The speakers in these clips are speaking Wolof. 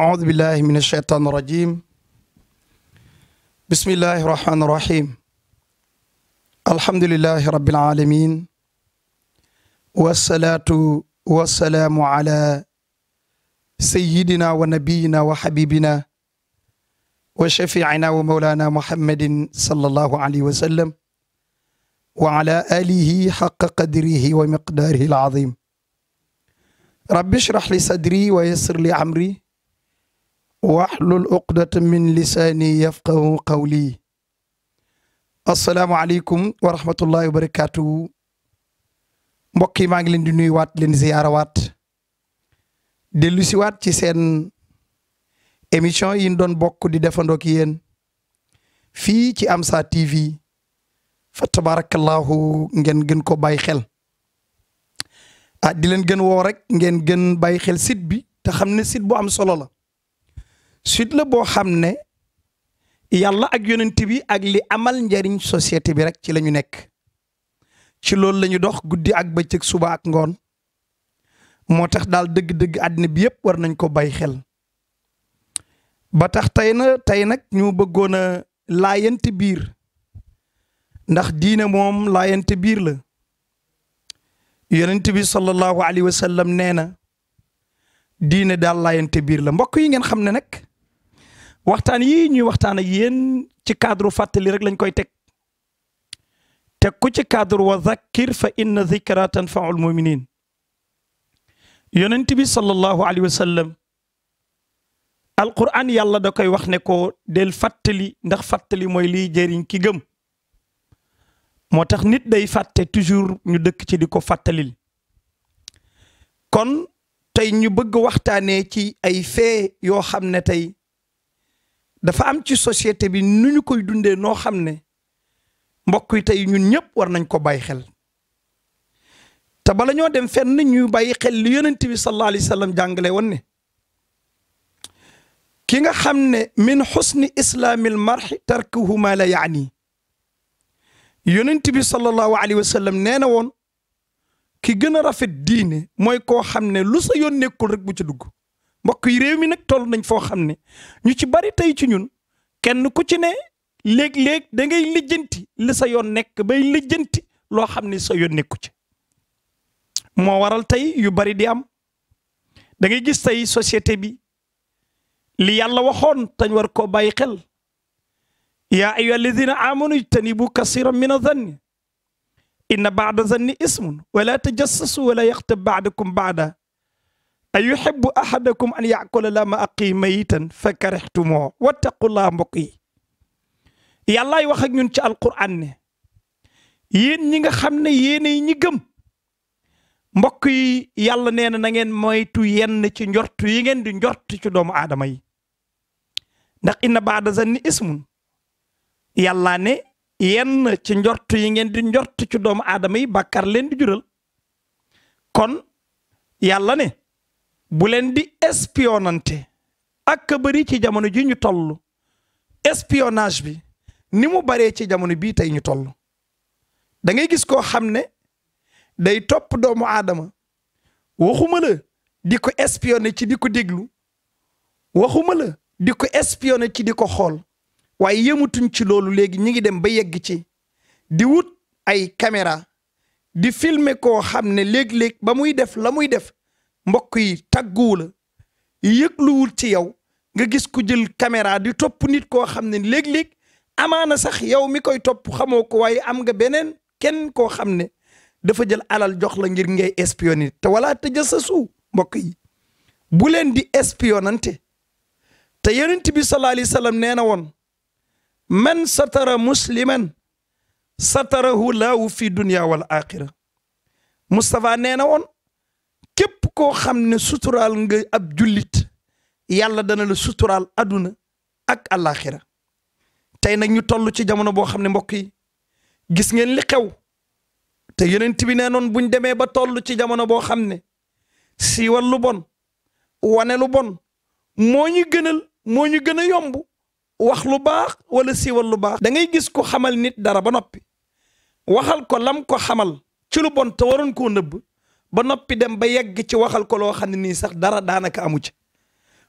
أعوذ بالله من الشيطان الرجيم بسم الله الرحمن الرحيم الحمد لله رب العالمين والصلاة والسلام على سيدنا ونبينا وحبيبنا وشفيعنا ومولانا محمد صلى الله عليه وسلم وعلى آله حق قدره ومقداره العظيم رب اشرح لي صدري ويسر لي أمري waxlul uqdata min lisaani yafqahu qawli asalaamualeykum wa rahmatullahi wa barakaatu mbokk yi maa ngi leen di nuyu waat leen ziyaara waat dellu waat ci seen émission yi ñu doon bokk di defandook yéen fii ci Amsa TV fa tabarakallahu ngeen gën ko bàyyi xel ah di leen gën woo rek ngeen gën bàyyi xel site bi te xam ne site bu am solo la suite la boo xam ne yàlla ak yonent bi ak li amal njariñ société bi rek ci la ñu nekk ci loolu la dox guddi ak bëccëg suba ak ngoon moo tax daal dëgg-dëgg àddina bi yëpp war nañ ko bay xel ba tax tey na tey nag ñu bëggoon a laayante biir ndax diine moom laayante biir la yonent bi sallallahu alayhi wa sallam nee na diine daal laayante biir la mbokk yi ngeen xam ne nag waxtaan yii ñuy waxtaan ak yéen ci cadre fàttali rek lañ koy teg teg ku ci cadre wa zakkir fa inna zikra tanfaul muminin yonent bi sallallahu alayhi wa sallam alquran yàlla da koy wax ne ko del fàttali ndax fàttali mooy liy jëriñ ki gëm moo tax nit day fàtte toujours ñu dëkk ci di ko fàttalil kon tey ñu bëgg waxtaanee ci ay fee yoo xam ne tey dafa am ci société bi nu ñu koy dundee noo xam ne mbokk yi tey ñun ñëpp war nañ ko bàyyi xel te bala ñoo dem fenn ñu bàyyi xel li yonent bi sallallahu alayhi wa sallam ne ki nga xam ne min xusni islaamil marxi tarkuhu ma la yaani yonent bi sallallahu alayhi wa sallam nee na woon ki gën a rafet diine mooy koo xam ne lu sa yoon nekkul rek bu ci dugg mbokk yi réew mi nag toll nañ foo xam ne ñu ci bari tey ci ñun kenn ku ci ne léeg-léeg dangay ngay lijjanti li sa yoon nekk bay lijjanti loo xam ne sa yoon nekku ci moo waral tey yu bari di am dangay ngay gis tey société bi li yàlla waxoon tañ war koo bàyyi xel ya yaa ayyuha alladina amanu ijtanibu kasiran min azanni inna baada zanni ismun wala tajassasu wala yaxtab baadakum baada a yuhibbu ahadakum an yaakula lama aqii mayitan fa karihtumoo wattaqullah mbokk yi yàllaay wax ak ñun ci alquran ne yéen ñi nga xam ne yéenay ñi gëm mbokk yi yàlla nee na na ngeen moytu yenn ci njort yi ngeen di njort ci doomu aadama yi ndax inna baada ne yenn njort yi ngeen di njort ci doomu aadama yi bàkkar leen di jural kon yàlla ne bu leen di espionnante ak bari ci jamono ji ñu toll espionnage bi ni mu baree ci jamono bii tey ñu toll da ngay gis koo xam ne day topp doomu aadama waxuma la di ko espionné ci di ko déglu waxuma la di ko espionné ci di ko xool waaye yëmutuñ ci loolu léegi ñi ngi dem ba yegg ci di wut ay caméra di filmer koo xam ne léeg-léeg ba muy def la muy def mbokk yi tàgguwu yëgluwul ci yow nga gis ku jël caméra di topp nit koo xam ne léeg-léeg amaana sax yow mi koy topp xamoo ko waaye am nga beneen kenn koo xam ne dafa jël alal jox la ngir ngay espionner te wala te jë sa suu mbokk yi bu leen di espionnante te yonent bi sallallahu alayhi wasallam nee na woon man satara musliman satarahu laahu fi dunya wal axira Moustapha nee na képp koo xam ne suturaal nga ab jullit yàlla dana la suturaal aduna ak àllaaxira tey nag ñu toll ci jamono boo xam ne mbokk yi gis ngeen li xew te yeneen bi nee noon buñ demee ba toll ci jamono boo xam ne siiwal lu bon wane lu bon moo ñu gënal moo ñu gën a yomb wax lu baax wala siiwal lu baax da ngay gis ko xamal nit dara ba noppi waxal ko lam ko xamal ci lu bon te waroon ko nëbb ba noppi dem ba yegg ci waxal ko loo xam ne nii sax dara daanaka amu ci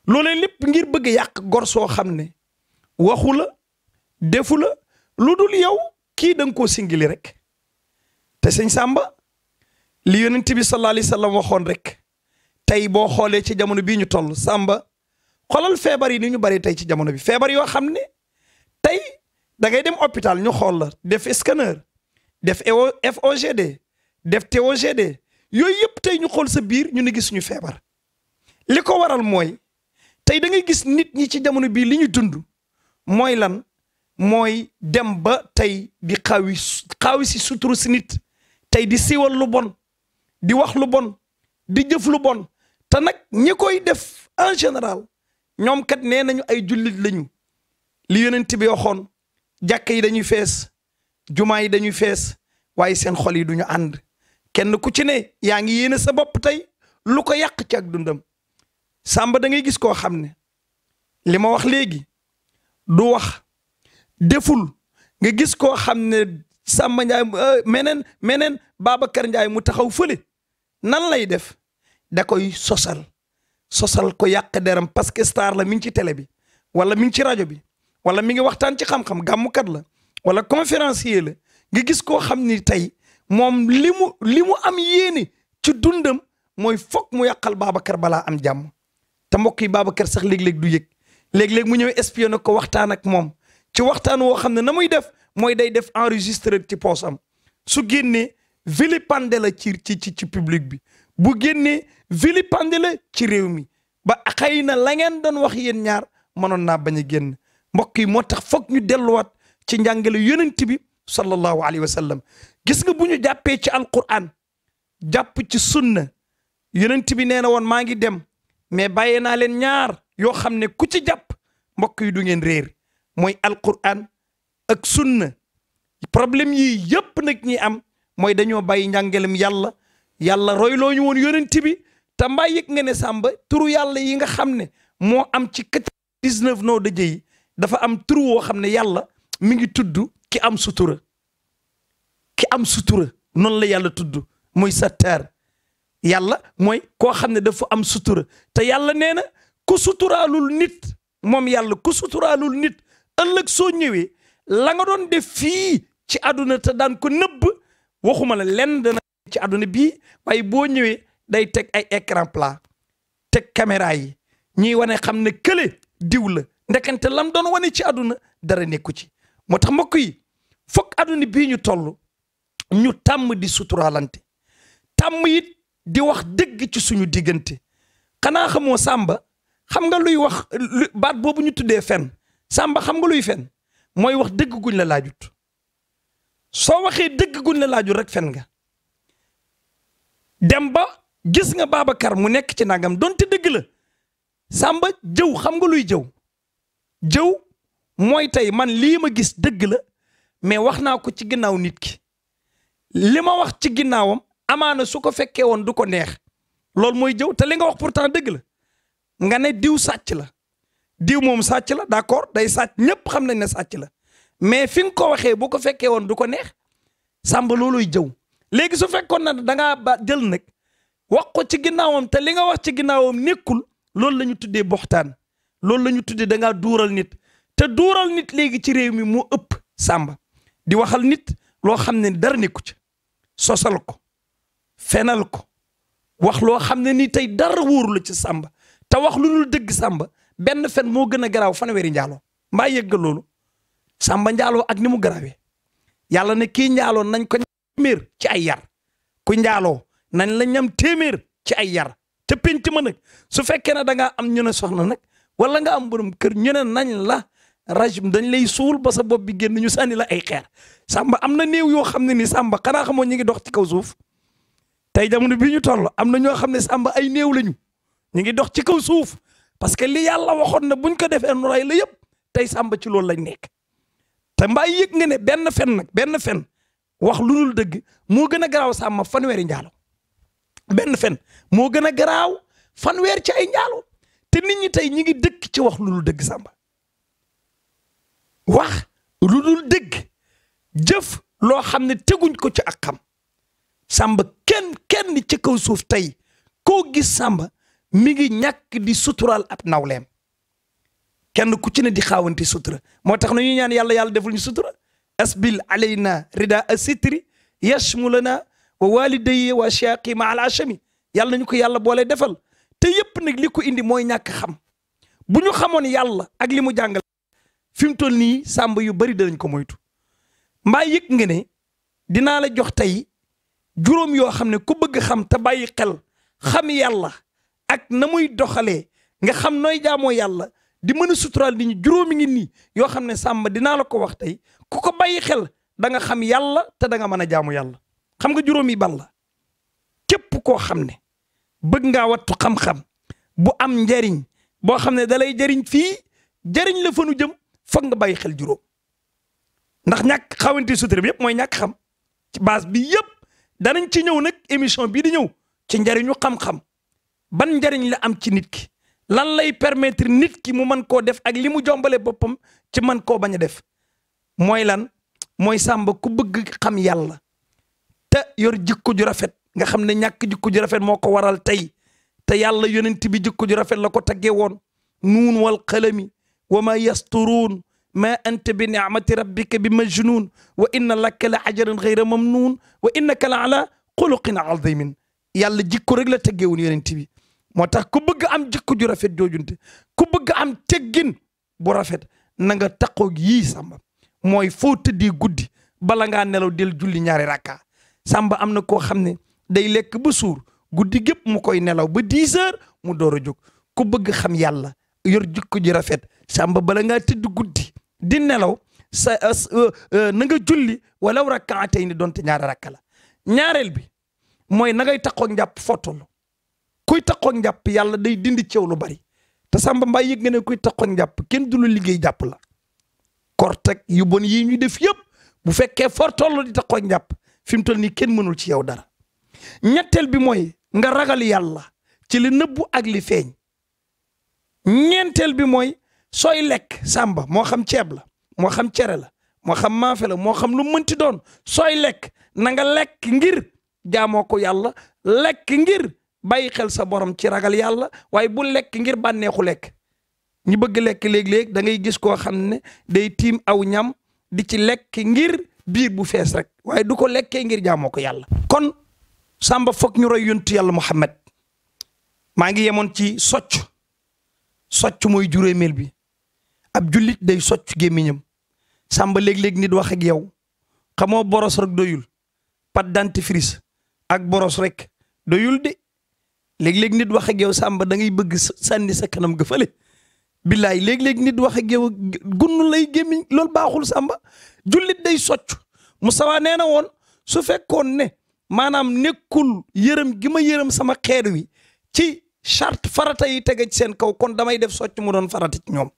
loolee lépp ngir bëgg yàq gor soo xam ne waxu la defu la lu dul yow kii da nga singili rek te sëñ Samba li yonent bi sallallahu alayhi wa sallam waxoon rek tey boo xoolee ci jamono bii ñu toll Samba xolal feebar yi ni ñu bari tey ci jamono bi feebar yoo xam ne tey da ngay dem hôpital ñu xool la def scanner def e FOGD def TOGD yooyu yëpp tey ñu xool sa biir ñu ne gis ñu feebar li ko waral mooy tey da ngay gis nit ñi ci jamono bii li ñu dund mooy lan mooy dem ba tey di xaawi xaawi si suturu si nit tey di siwal lu bon di wax lu bon di jëf lu bon te nag ñi koy def en général ñoom kat nee nañu ay jullit lañu li yonent bi waxoon jàkk yi dañuy fees jumaa yi dañuy fees waaye seen xol yi duñu ànd kenn ku ci ne yaa ngi yéene sa bopp tey lu ko yàq ci ak dundam sàmba da ngay gis koo xam ne li ma wax léegi du wax deful nga gis koo xam ne sàmba njaay euh, meneen meneen Babacar Njaay mu taxaw fale nan lay def da koy sosal sosal ko yàq deram parce que star la mi ngi ci télé bi wala mi ngi ci rajo bi wala mi ngi waxtaan ci xam-xam gàmmukat la wala conférencier la nga gis koo xam ni tey moom li mu li mu am yéene ci dundam mooy fokk mu yàqal Babacar balaa am jàmm te mbokk yi Babacar sax léeg-léeg du yëg léeg-léeg mu ñëw espionné ko waxtaan ak moom ci waxtaan woo xam ne na muy def mooy day def enregistré ci poos am su génnee vilipendé la ci ci ci public bi bu génnee vilipendé la ci réew mi ba xëy na la ngeen doon wax yéen ñaar mënoon naa bañ a génn mbokk yi moo tax foog ñu delluwaat ci njàngale yonent bi sallallahu alayhi wa sallam gis nga bu ñu jàppee ci alquran jàpp ci sunna yonent bi nee na woon maa ngi dem mais bàyyee naa leen ñaar yoo xam ne ku ci jàpp mbokk yi du ngeen réer mooy alquran ak sunna problème yi yëpp nag ñi am mooy dañoo bàyyi njàngalem yàlla yàlla roy loo ñu woon yonent bi te mbaa yëg nga ne sàmba turu yàlla yi nga xam ne moo am ci quatre-vingt-dix-neuf noo dëjë yi dafa am turu woo xam ne yàlla mi ngi tudd ki am sutura am sutura noonu la yàlla tudd muy sattaar yàlla mooy koo xam ne dafa am sutura te yàlla nee na ku suturaalul nit moom yàlla ku suturaalul nit ëllëg soo ñëwee la nga doon def fii ci àdduna te daan ko nëbb waxuma la lenn dana ci àdduna bii waaye boo ñëwee day teg ay écran plat teg caméra yi ñuy wane xam ne kële diw la ndekante lam doon wane ci àdduna dara nekku ci moo tax mbokk yi fokk àdduna bii ñu toll ñu tàmm di suturaalante tàmm yit di wax dëgg ci suñu diggante xanaa xamoo Samba xam nga luy wax baat boobu ñu tuddee fen Samba xam nga luy fen mooy wax dëgg guñ la laajut soo waxee dëgg guñ la laajut rek fen nga dem ba gis nga Babacar mu nekk ci nangam donte dëgg la Samba jëw xam nga luy jëw jëw mooy tey man lii ma gis dëgg la mais wax naa ko ci ginnaaw nit ki li ma wax ci ginnaawam amaana su ko fekkee woon du ko neex loolu mooy jëw te li nga wax pourtant dëgg la nga ne diw sàcc la diw moom sàcc la d'accord day sàcc ñëpp xam nañ ne sàcc la mais fi nga ko waxee boo ko fekkee woon du ko neex sàmba looluy jëw léegi su fekkoon na da ngaa ba jël nag wax ko ci ginnaawam te li nga wax ci ginnaawam nekkul loolu la ñu tuddee boxtaan loolu la ñu tuddee da duural nit te duural nit léegi ci réew mi moo ëpp sàmba di waxal nit loo xam ne dara nekku ci sosal ko fenal ko wax loo xam ne nii tey dara wóoru la ci sàmba te wax lu dul dëgg samba benn fen moo gën a garaaw fanweeri njaaloo mbaa yëgga loolu sàmba njaaloo ak ni mu garaawee yàlla ne kii njaaloo nañ ko téeméer ci ay yar ku njaaloo nañ la ñam téeméer ci ay yar te pénc ma nag su fekkee ne danga am ñu ne soxna nag wala nga am borom kër ñu nañ la raj dañ lay suul ba sa bopp bi génn ñu sànni la ay xeer sàmba am na néew yoo xam ne ni sàmba xanaa xamoon ñu ngi dox ci kaw suuf tey jamono bi ñu toll am na ñoo xam ne sàmba ay néew lañu ñu ngi dox ci kaw suuf parce que li yàlla waxoon na buñ ko defee nu ray la yëpp tey sàmba ci loolu lañ nekk te mbaa yëg nga ne benn fen nag benn fen wax lu dul dëgg moo gën a garaaw sàmba fanweeri njaalo benn fen moo gën a garaaw fanweer ci ay njaalo te ni ñi tey ñi ngi dëkk ci wax lu dëgg sàmba wax lu dul dëgg jëf loo xam ne teguñ ko ci ak xam sàmba kenn kenn ci kaw suuf tey ko gis sàmba mi ngi ñàkk di suturaal ab nawleem kenn ku ci ne di xaawante sutura moo tax na ñuy ñaan yàlla yàlla deful ñu sutura asbil alayna rida asitri yashmulana wa walidaye wa shaaqi ma al ashami yàlla nañu ko yàlla boole defal te yëpp nag li ko indi mooy ñàkk xam bu ñu xamoon yàlla ak li mu jàngal fi mu toll nii sàmba yu bari danañ ko moytu mbaa yëg nga ne dinaa la jox tey juróom yoo xam ne ko bëgg xam te bàyyi xel xam yàlla ak na muy doxalee nga xam nooy jaamoo yàlla di mën a suturaal nit ñi juróomi ngi nii yoo xam ne sàmba dinaa la ko wax tey ku ko bàyyi xel da nga xam yàlla te danga nga mën a jaamu yàlla xam nga juróomi ban la képp koo xam ne bëgg ngaa wattu xam-xam bu am njariñ boo xam ne dalay jariñ fii jariñ la fa jëm foog nga bàyyi xel juróom ndax ñàkk xawante sutura bi yëpp mooy ñàkk xam ci base bi yëpp danañ ci ñëw nag émission bii di ñëw ci njariñu xam-xam ban njariñ la am ci nit ki lan lay permettre nit ki mu man koo def ak li mu jombale boppam ci man koo bañ a def mooy lan mooy sàmba ku bëgg xam yàlla te yor jikko ju rafet nga xam ne ñàkk jikko ju rafet moo ko waral tey te yàlla yonent bi jikko ju rafet la ko taggee woon nuun wal xalami wa ma yasturuun ma anta bi ni'mati rabbika bi majnuun wa inna laka la ajran ghayra mamnuun wa innaka la ala xuluqin azimin yàlla jikko rek la teggeewun yonent bi moo tax ku bëgg am jikko ju rafet joojunte ku bëgg am teggin bu rafet na nga taqoog yii samba mooy foo di guddi bala ngaa nelaw del julli ñaari rakka samba am na koo xam ne day lekk ba suur guddi gépp mu koy nelaw ba 10 heures mu door a jóg ku bëgg xam yàlla yor jikko ji rafet sàmba bala ngaa tëdd guddi di nelaw sa uh, uh, uh, na nga julli walaw rakkaatay ni donte ñaari rakka la ñaareel bi mooy na ngay takkoog njàpp fottulu kuy takkoog njàpp yàlla day dindi ceew lu bari te sàmba mbaa yëg nga ne kuy takkoog njàpp kenn du liggéey jàpp la korteg yu bon yi ñuy def yëpp bu fekkee for di takkoog njàpp fi mu toll nii kenn mënul ci yow dara ñetteel bi mooy nga ragal yàlla ci li nëbbu ak li feeñ ñeenteel bi mooy sooy lekk sàmba moo xam ceeb la moo xam cere la moo xam maafe la moo xam lu mënti doon sooy lekk nanga lekk ngir jaamoo ko yàlla lekk ngir bàyyi xel sa borom ci ragal yàlla waaye bu lekk ngir bànneexu lekk ñi bëgg lekk léeg-léeg da ngay gis koo xam ne day tiim aw ñam di ci lekk ngir biir bu fees rek waaye du ko lekkee ngir jaamoo ko yàlla kon sàmba foog ñu roy yontu yàlla Muhammad maa ngi yemoon ci socc socc mooy juróomeel bi ab jullit day socc gémmiñam sàmba léeg-léeg nit wax ak yow xamoo boros rek doyul pâte dentifrice ak boros rek doyul de léeg-léeg nit wax ak yow sàmba da ngay bëgg sànni sa kanam ga fële billay léeg-léeg nit wax ak yow gunnu lay gémmiñ loolu baaxul sàmba jullit day socc Musawa nee na woon su fekkoon ne maanaam nekkul yërëm gi ma yërëm sama xeer wi ci charte farata yi tege ci seen kaw kon damay def socc mu doon farata ñoom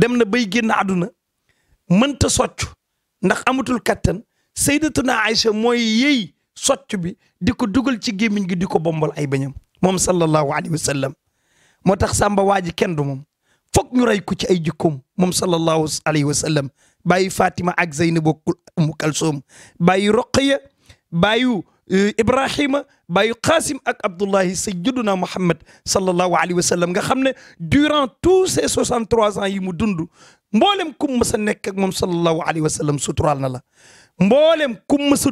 dem na bay génn àdduna mënta socc ndax amatul kattan sayyidatuna Aïcha mooy yey socc bi di ko dugal ci gémmiñ gi di ko bombal ay bañam moom sallallahu alayhi wa sallam moo tax samba waa ji kenn du moom foog ñu rey ko ci ay jikkoom moom sallallahu alayhi wa sallam bàyyi Fatima ak Zeynab ak Umu Kalsoom bàyyi Roqaya bàyyi euh, Ibrahima baayu Qaasim ak Abdullahi sayyiduna Muhammad sallallahu alayhi wa sallam nga xam ne durant tous ces 63 ans yi mu dund mboolem ku mu moom sallallahu alayhi wa sallam suturaal na la mboolem ku mu mës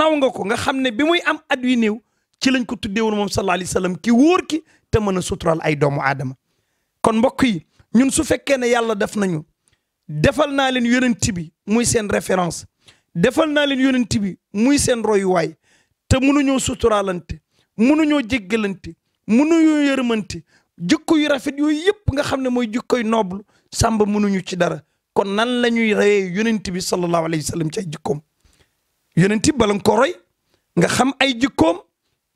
naw nga ko nga xam ne bi muy am at yu néew ci lañ ko tuddee woon moom sallallahu alayhi wa sallam ki wóor ki te mën a suturaal ay doomu aadama kon mbokk yi ñun su fekkee ne yàlla def nañu defal naa leen yonent bi muy seen référence defal naa leen yonent bi muy seen royuwaay te mënuñoo suturaalante mënuñoo jéggalante mënuñoo yërëmante jikko yu rafet yooyu yëpp nga xam ne mooy jikkoy noble sàmba mënuñu ci dara kon nan la ñuy reyee yonent bi sallallahu alayhi wa sallam ci ay jikkoom yonent bi bala nga xam ay jikkoom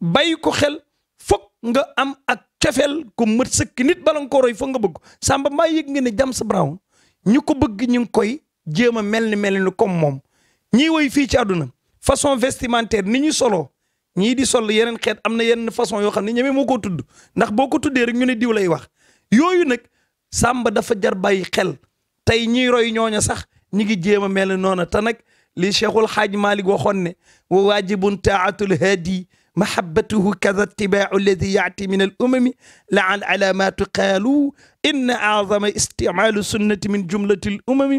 bàyyi ko xel foog nga am ak cofeel ku mët sëkk nit bala nga foog nga bëgg samba maa yëg nga ne James Brown ñu ko bëgg ñu ngi koy jéem a mel ni mel ni moom ñiy woy fii ci àdduna façon vestimentaire ni ñu solo ñii di sol yeneen xeet am na yenn façon yoo xam ne ñeme moo ko tudd ndax boo ko tuddee ñu ne diw lay wax yooyu nag sàmba dafa jar bay xel tey ñiy roy ñooña sax ñi ngi jéem a mel noona te nag li cheikhul xaaj malik waxoon ne wa waajibun taatul haadi mahabatuhu kada itibau alladi yaati min al umami la an alamatu qaalu inna azama isticmalu sunnati min jumlati al umami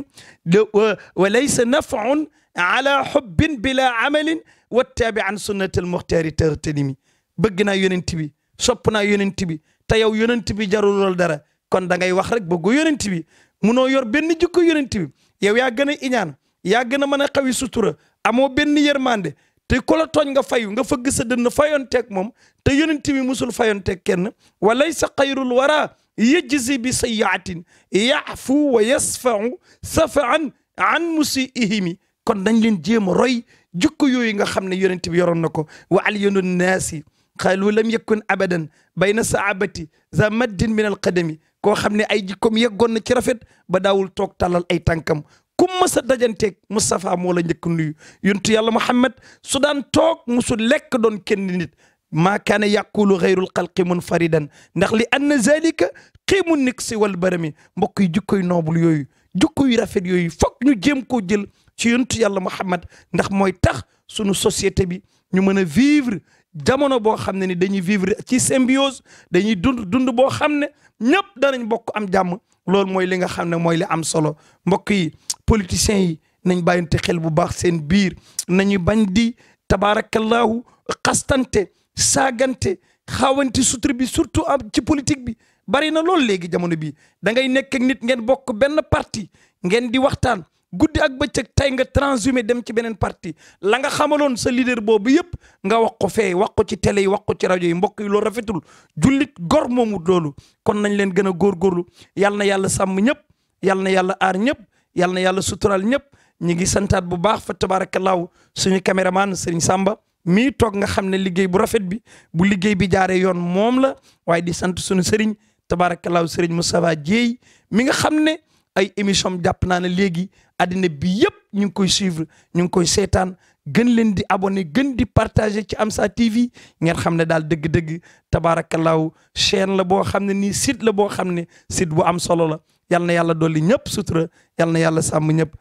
wa laysa nafun ala hubbin bila amalin wattaabi an sunnati almuxtaari tartanimi bëgg naa yonent bi sopp naa yonent bi te yow yonent bi jarul lool dara kon da ngay wax rek bëggu yonent bi munoo yor benn jikko yonent bi yow yaa gën a iñaan yaa gën a mën a xawi sutura amoo benn yërmande te ku la tooñ nga fayu nga fëgg sa dënn fayonteeg moom te yonent bi musul fayonteeg kenn wa laysa xayrul wara yajzi bi sayaatin yaafu wa yasfau safaan an musiihimi kon dañ leen jéem a roy jukko yooyu nga xam ne yonent bi yoroon na ko wa alyanu naasi xaalu lam yakun abadan bay bayna saabati za maddin min alqadami koo xam ne ay jikkoom yeggoon na ci rafet ba daawul toog talal ay tànkam kum masa dajanteeg Moustapha moo la njëkk nuyu yontu yàlla Muhammad su daan toog musu lekk doon kenn nit maa kaana yàqulu xayrul xalqi munfaridan ndax li an anna zalika xiimu niksi wal barami mbokk yi jukkoy noobul yooyu jukko yu rafet yooyu ñu jéem koo jël ci yontu yàlla Muhammad ndax mooy tax sunu société bi ñu mën a vivre jamono boo xam ne ni dañuy vivre ci symbiose dañuy dund dund boo xam ne ñëpp darañ bokk am jàmm loolu mooy li nga xam ne mooy li am solo mbokk yi politiciens yi nañ bàyyante xel bu baax seen biir nañu bañ di tabarakallahu xastante saagante xaawante sutur bi surtout am ci politique bi bari na loolu léegi jamono bi da ngay nekk nit ngeen bokk benn parti ngeen di waxtaan guddi ak bëccëg tey nga transhumé dem ci beneen parti la nga xamaloon sa leader boobu yëpp nga wax ko fee wax ko ci télé yi wax ko ci rajo yi mbokk yi loolu rafetul jullit gor moomut loolu kon nañ leen gën a góorgóorlu yal na yàlla sàmm ñëpp yal na yàlla aar ñëpp yal na yàlla sutural ñëpp ñi ngi santaat bu baax fa tabaarakallaahu suñu caméraman Serigne Samba mii toog nga xam ne liggéey bu rafet bi bu liggéey bi jaaree yoon moom la waaye di sant suñu Serigne tabaarakallaahu Serigne Moustapha Dieye mi nga xam ne ay émission jàpp naa ne léegi addina bi yëpp ñu ngi koy suivre ñu ngi koy seetaan gën leen di abonné gën di partagé ci Amsa TV ngeen xam ne daal dëgg-dëgg tabaarakallaahu chaîne la boo xam ne nii site la boo xam ne site bu am solo la yal na yàlla dolli ñëpp sutura yal na yàlla sàmm ñëpp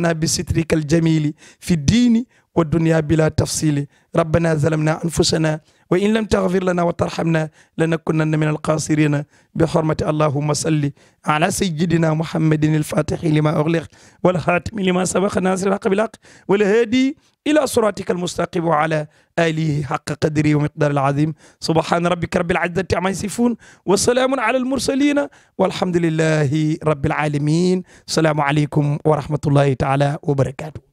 na bi sitrikal jamili fi diini wa dunya bila tafsili rabbana zalamna anfusana wa in lam taxfir lana wa tarxamna lanakunanna min alxaasirina bi xormati allahuma salli ala sayidina muhammadin alfatixi lima uxliq walxaatimi lima sabaqa nasir alxaq bilxaq walhaadi ila siratika almustaqim wa ala alihi xaqa qadri wa miqdaar alazim subhana rabbika rabbil izzati amma yasifun wa salaamun ala almursalina walhamdulilahi rabbil alamin salaamu aleykum wa rahmatullahi taala wa barakatuh